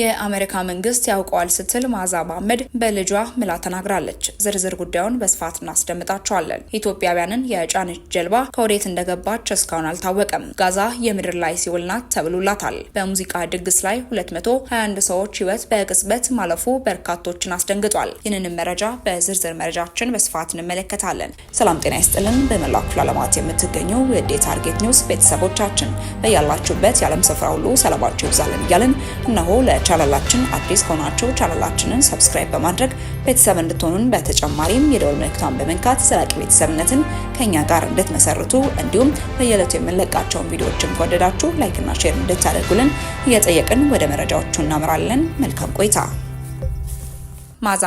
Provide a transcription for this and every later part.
የአሜሪካ መንግስት ያውቀዋል ስትል ማዛ መሐመድ በልጇ ምላ ተናግራለች። ዝርዝር ጉዳዩን በስፋት እናስደምጣቸዋለን። ኢትዮጵያውያንን የጫነች ጀልባ ከወዴት እንደገባች እስካሁን አልታወቀም። ጋዛ የምድር ላይ ሲኦል ናት ተብሎላታል። በሙዚቃ ድግስ ላይ 221 ሰዎች ህይወት በቅጽበት ማለፉ በርካቶችን አስደንግጧል። ይህንንም መረጃ በዝርዝር መረጃችን በስፋት እንመለከታለን። ሰላም ጤና ይስጥልን። በመላ ክፍለ ዓለማት የምትገኙ የዴ ታርጌት ኒውስ ቤተሰቦቻችን በያላችሁበት የዓለም ስፍራ ሁሉ ሰላማችሁ ይብዛልን እያልን እነሆ ለ ለቻናላችን አዲስ ከሆናችሁ ቻናላችንን ሰብስክራይብ በማድረግ ቤተሰብ እንድትሆኑን፣ በተጨማሪም የደወል ምልክቷን በመንካት ዘላቂ ቤተሰብነትን ከኛ ጋር እንድትመሰርቱ እንዲሁም በየዕለቱ የምንለቃቸውን ቪዲዮዎችን ከወደዳችሁ ላይክና ሼር እንድታደርጉልን እየጠየቅን ወደ መረጃዎቹ እናምራለን። መልካም ቆይታ ማዛ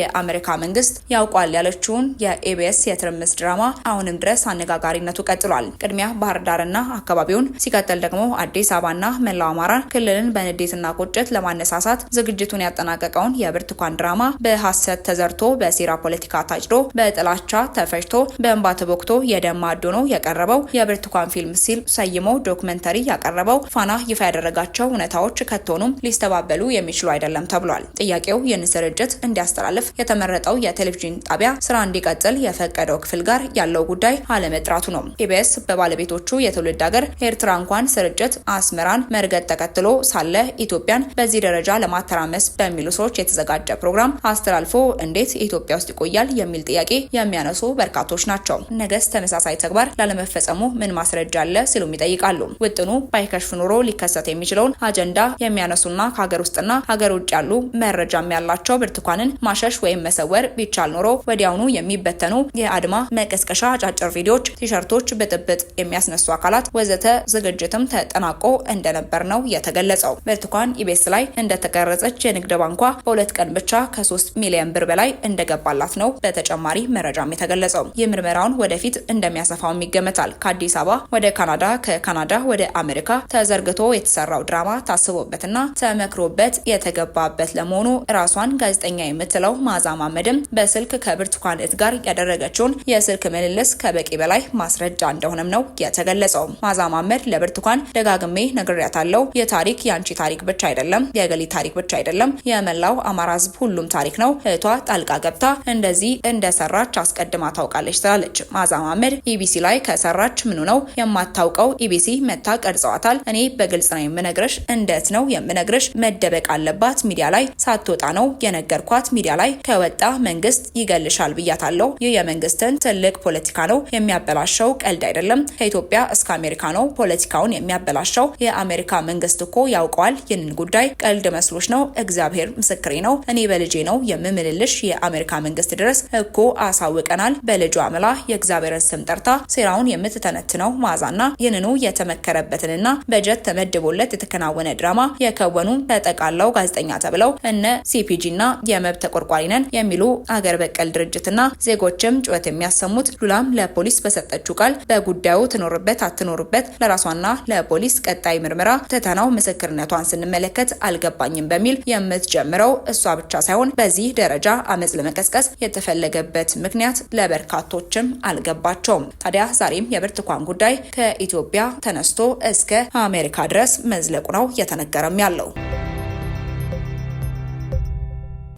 የአሜሪካ መንግስት ያውቋል ያለችውን የኤቢኤስ የትርምስ ድራማ አሁንም ድረስ አነጋጋሪነቱ ቀጥሏል። ቅድሚያ ባህር ዳርና አካባቢውን፣ ሲቀጥል ደግሞ አዲስ አበባና መላው አማራ ክልልን በንዴትና ቁጭት ለማነሳሳት ዝግጅቱን ያጠናቀቀውን የብርቱካን ድራማ በሀሰት ተዘርቶ በሴራ ፖለቲካ ታጭዶ በጥላቻ ተፈጅቶ በእንባ ተቦክቶ የደማ ማዕድ የቀረበው የብርቱካን ፊልም ሲል ሰይሞ ዶክመንተሪ ያቀረበው ፋና ይፋ ያደረጋቸው እውነታዎች ከቶኑም ሊስተባበሉ የሚችሉ አይደለም ተብሏል። ጥያቄው ይህን ስርጭት እንዲያስተላልፍ የተመረጠው የቴሌቪዥን ጣቢያ ስራ እንዲቀጥል የፈቀደው ክፍል ጋር ያለው ጉዳይ አለመጥራቱ ነው። ኢቢኤስ በባለቤቶቹ የትውልድ ሀገር ኤርትራ እንኳን ስርጭት አስመራን መርገጥ ተከትሎ ሳለ ኢትዮጵያን በዚህ ደረጃ ለማተራመስ በሚሉ ሰዎች የተዘጋጀ ፕሮግራም አስተላልፎ እንዴት ኢትዮጵያ ውስጥ ይቆያል የሚል ጥያቄ የሚያነሱ በርካቶች ናቸው። ነገስ ተመሳሳይ ተግባር ላለመፈጸሙ ምን ማስረጃ አለ ሲሉም ይጠይቃሉ። ውጥኑ ባይከሽፍ ኖሮ ሊከሰት የሚችለውን አጀንዳ የሚያነሱና ከሀገር ውስጥና ሀገር ውጭ ያሉ መረጃም ያላቸው ብርት ብርቱካንን ማሸሽ ወይም መሰወር ቢቻል ኖሮ ወዲያውኑ የሚበተኑ የአድማ መቀስቀሻ አጫጭር ቪዲዮዎች፣ ቲሸርቶች፣ ብጥብጥ የሚያስነሱ አካላት ወዘተ ዝግጅትም ተጠናቆ እንደነበር ነው የተገለጸው። ብርቱካን ኢቤስ ላይ እንደተቀረጸች የንግድ ባንኳ በሁለት ቀን ብቻ ከ3 ሚሊዮን ብር በላይ እንደገባላት ነው በተጨማሪ መረጃም የተገለጸው። ይህ ምርመራውን ወደፊት እንደሚያሰፋውም ይገመታል። ከአዲስ አበባ ወደ ካናዳ፣ ከካናዳ ወደ አሜሪካ ተዘርግቶ የተሰራው ድራማ ታስቦበትና ተመክሮበት የተገባበት ለመሆኑ ራሷን ጋዜጠኛ ጥገኛ የምትለው ማዛ ማመድም በስልክ ከብርቱካን እት ጋር ያደረገችውን የስልክ ምልልስ ከበቂ በላይ ማስረጃ እንደሆነም ነው የተገለጸው። ማዛ ማመድ ለብርቱካን ደጋግሜ ነግሬያታለሁ። የታሪክ የአንቺ ታሪክ ብቻ አይደለም፣ የገሊ ታሪክ ብቻ አይደለም፣ የመላው አማራ ህዝብ ሁሉም ታሪክ ነው። እህቷ ጣልቃ ገብታ እንደዚህ እንደሰራች አስቀድማ ታውቃለች ትላለች ማዛ ማመድ። ኢቢሲ ላይ ከሰራች ምኑ ነው የማታውቀው? ኢቢሲ መታ ቀርጸዋታል። እኔ በግልጽ ነው የምነግረሽ፣ እንዴት ነው የምነግረሽ መደበቅ አለባት። ሚዲያ ላይ ሳትወጣ ነው የነገር ኳት ሚዲያ ላይ ከወጣ መንግስት ይገልሻል ብያታለሁ። ይህ የመንግስትን ትልቅ ፖለቲካ ነው የሚያበላሸው፣ ቀልድ አይደለም። ከኢትዮጵያ እስከ አሜሪካ ነው ፖለቲካውን የሚያበላሸው። የአሜሪካ መንግስት እኮ ያውቀዋል ይህንን ጉዳይ። ቀልድ መስሎች ነው? እግዚአብሔር ምስክሬ ነው። እኔ በልጄ ነው የምምልልሽ። የአሜሪካ መንግስት ድረስ እኮ አሳውቀናል። በልጇ ምላ የእግዚአብሔርን ስም ጠርታ ሴራውን የምትተነትነው ማዛና ይህንኑ የተመከረበትንና በጀት ተመድቦለት የተከናወነ ድራማ የከወኑ ተጠቃላው ጋዜጠኛ ተብለው እነ ሲፒጂና የመብት ተቆርቋሪ ነን የሚሉ አገር በቀል ድርጅትና ዜጎችም ጩኸት የሚያሰሙት ሉላም ለፖሊስ በሰጠችው ቃል በጉዳዩ ትኖርበት አትኖርበት ለራሷና ለፖሊስ ቀጣይ ምርመራ ትተናው ምስክርነቷን ስንመለከት አልገባኝም በሚል የምትጀምረው እሷ ብቻ ሳይሆን በዚህ ደረጃ አመፅ ለመቀስቀስ የተፈለገበት ምክንያት ለበርካቶችም አልገባቸውም። ታዲያ ዛሬም የብርቱካን ጉዳይ ከኢትዮጵያ ተነስቶ እስከ አሜሪካ ድረስ መዝለቁ ነው እየተነገረም ያለው።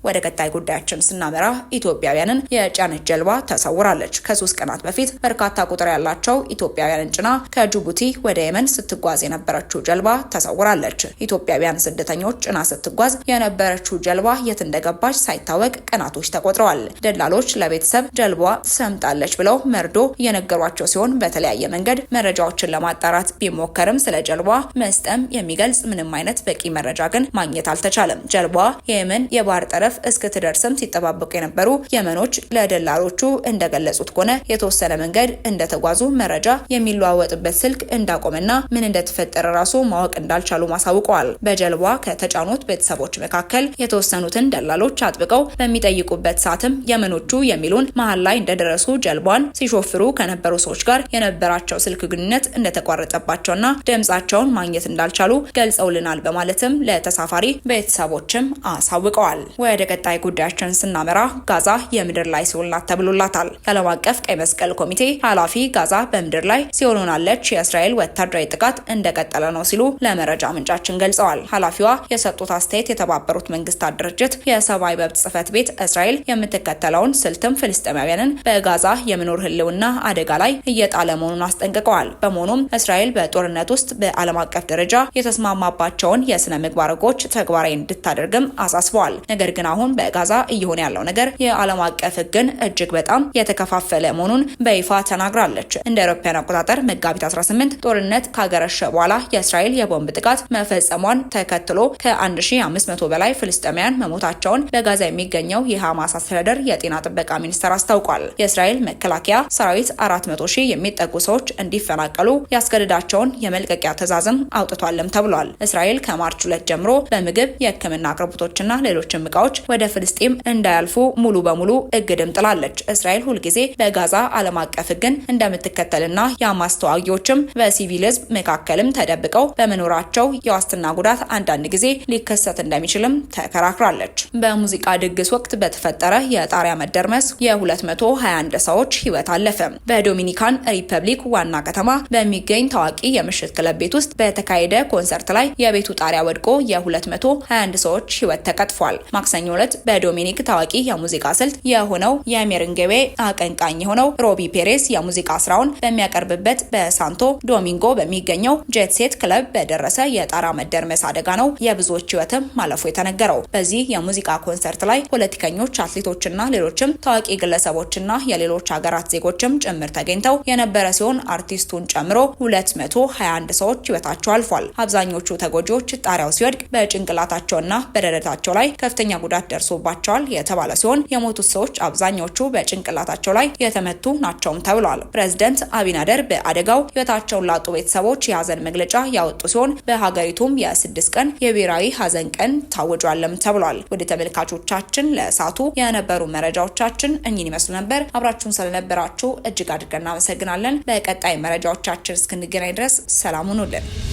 ወደ ቀጣይ ጉዳያችን ስናመራ ኢትዮጵያውያንን የጫነች ጀልባ ተሰውራለች። ከሶስት ቀናት በፊት በርካታ ቁጥር ያላቸው ኢትዮጵያውያንን ጭና ከጅቡቲ ወደ የመን ስትጓዝ የነበረችው ጀልባ ተሰውራለች። ኢትዮጵያውያን ስደተኞች ጭና ስትጓዝ የነበረችው ጀልባ የት እንደገባች ሳይታወቅ ቀናቶች ተቆጥረዋል። ደላሎች ለቤተሰብ ጀልባ ሰምጣለች ብለው መርዶ እየነገሯቸው ሲሆን በተለያየ መንገድ መረጃዎችን ለማጣራት ቢሞከርም ስለ ጀልባ መስጠም የሚገልጽ ምንም አይነት በቂ መረጃ ግን ማግኘት አልተቻለም። ጀልባ የየመን የባህር ጠረፍ ለማትረፍ እስክትደርስም ሲጠባበቁ የነበሩ የመኖች ለደላሎቹ እንደገለጹት ከሆነ የተወሰነ መንገድ እንደተጓዙ መረጃ የሚለዋወጥበት ስልክ እንዳቆመና ምን እንደተፈጠረ ራሱ ማወቅ እንዳልቻሉ ማሳውቀዋል። በጀልባ ከተጫኑት ቤተሰቦች መካከል የተወሰኑትን ደላሎች አጥብቀው በሚጠይቁበት ሰዓትም የመኖቹ የሚሉን መሀል ላይ እንደደረሱ ጀልቧን ሲሾፍሩ ከነበሩ ሰዎች ጋር የነበራቸው ስልክ ግንኙነት እንደተቋረጠባቸውና ድምጻቸውን ማግኘት እንዳልቻሉ ገልጸውልናል በማለትም ለተሳፋሪ ቤተሰቦችም አሳውቀዋል። ወደ ቀጣይ ጉዳያችን ስናመራ ጋዛ የምድር ላይ ሲኦል ናት ተብሎላታል። የዓለም አቀፍ ቀይ መስቀል ኮሚቴ ኃላፊ ጋዛ በምድር ላይ ሲኦል ሆናለች፣ የእስራኤል ወታደራዊ ጥቃት እንደቀጠለ ነው ሲሉ ለመረጃ ምንጫችን ገልጸዋል። ኃላፊዋ የሰጡት አስተያየት የተባበሩት መንግስታት ድርጅት የሰብአዊ መብት ጽህፈት ቤት እስራኤል የምትከተለውን ስልትም ፍልስጤማውያንን በጋዛ የመኖር ህልውና አደጋ ላይ እየጣለ መሆኑን አስጠንቅቀዋል። በመሆኑም እስራኤል በጦርነት ውስጥ በዓለም አቀፍ ደረጃ የተስማማባቸውን የስነ ምግባር ህጎች ተግባራዊ እንድታደርግም አሳስበዋል። ነገር ግን ግን አሁን በጋዛ እየሆነ ያለው ነገር የዓለም አቀፍ ህግን እጅግ በጣም የተከፋፈለ መሆኑን በይፋ ተናግራለች። እንደ አውሮፓውያን አቆጣጠር መጋቢት 18 ጦርነት ካገረሸ በኋላ የእስራኤል የቦምብ ጥቃት መፈጸሟን ተከትሎ ከ1500 በላይ ፍልስጤማውያን መሞታቸውን በጋዛ የሚገኘው የሐማስ አስተዳደር የጤና ጥበቃ ሚኒስቴር አስታውቋል። የእስራኤል መከላከያ ሰራዊት 400 ሺህ የሚጠጉ ሰዎች እንዲፈናቀሉ ያስገድዳቸውን የመልቀቂያ ትዕዛዝም አውጥቷልም ተብሏል። እስራኤል ከማርች ሁለት ጀምሮ በምግብ የህክምና አቅርቦቶችና ሌሎችም እቃዎች ወደ ፍልስጤም እንዳያልፉ ሙሉ በሙሉ እግድም ጥላለች። እስራኤል ሁልጊዜ በጋዛ ዓለም አቀፍ ሕግን እንደምትከተልና የሐማስ ተዋጊዎችም በሲቪል ሕዝብ መካከልም ተደብቀው በመኖራቸው የዋስትና ጉዳት አንዳንድ ጊዜ ሊከሰት እንደሚችልም ተከራክራለች። በሙዚቃ ድግስ ወቅት በተፈጠረ የጣሪያ መደርመስ የ221 ሰዎች ህይወት አለፈ። በዶሚኒካን ሪፐብሊክ ዋና ከተማ በሚገኝ ታዋቂ የምሽት ክለብ ቤት ውስጥ በተካሄደ ኮንሰርት ላይ የቤቱ ጣሪያ ወድቆ የ221 ሰዎች ህይወት ተቀጥፏል። ማክሰኞ ማክሰኞ ዕለት በዶሚኒክ ታዋቂ የሙዚቃ ስልት የሆነው የሜሬንጌዌ አቀንቃኝ የሆነው ሮቢ ፔሬስ የሙዚቃ ስራውን በሚያቀርብበት በሳንቶ ዶሚንጎ በሚገኘው ጄት ሴት ክለብ በደረሰ የጣራ መደርመስ አደጋ ነው የብዙዎች ህይወትም ማለፉ የተነገረው። በዚህ የሙዚቃ ኮንሰርት ላይ ፖለቲከኞች፣ አትሌቶችና ሌሎችም ታዋቂ ግለሰቦችና የሌሎች ሀገራት ዜጎችም ጭምር ተገኝተው የነበረ ሲሆን አርቲስቱን ጨምሮ 221 ሰዎች ህይወታቸው አልፏል። አብዛኞቹ ተጎጂዎች ጣሪያው ሲወድቅ በጭንቅላታቸውና በደረታቸው ላይ ከፍተኛ ጉዳት ጉዳት ደርሶባቸዋል የተባለ ሲሆን የሞቱት ሰዎች አብዛኛዎቹ በጭንቅላታቸው ላይ የተመቱ ናቸውም ተብሏል። ፕሬዝደንት አቢናደር በአደጋው ህይወታቸውን ላጡ ቤተሰቦች የሀዘን መግለጫ ያወጡ ሲሆን በሀገሪቱም የስድስት ቀን የብሔራዊ ሀዘን ቀን ታውጇልም ተብሏል። ወደ ተመልካቾቻችን ለእሳቱ የነበሩ መረጃዎቻችን እኚህን ይመስሉ ነበር። አብራችሁን ስለነበራችሁ እጅግ አድርገን እናመሰግናለን። በቀጣይ መረጃዎቻችን እስክንገናኝ ድረስ ሰላም ሁኑልን።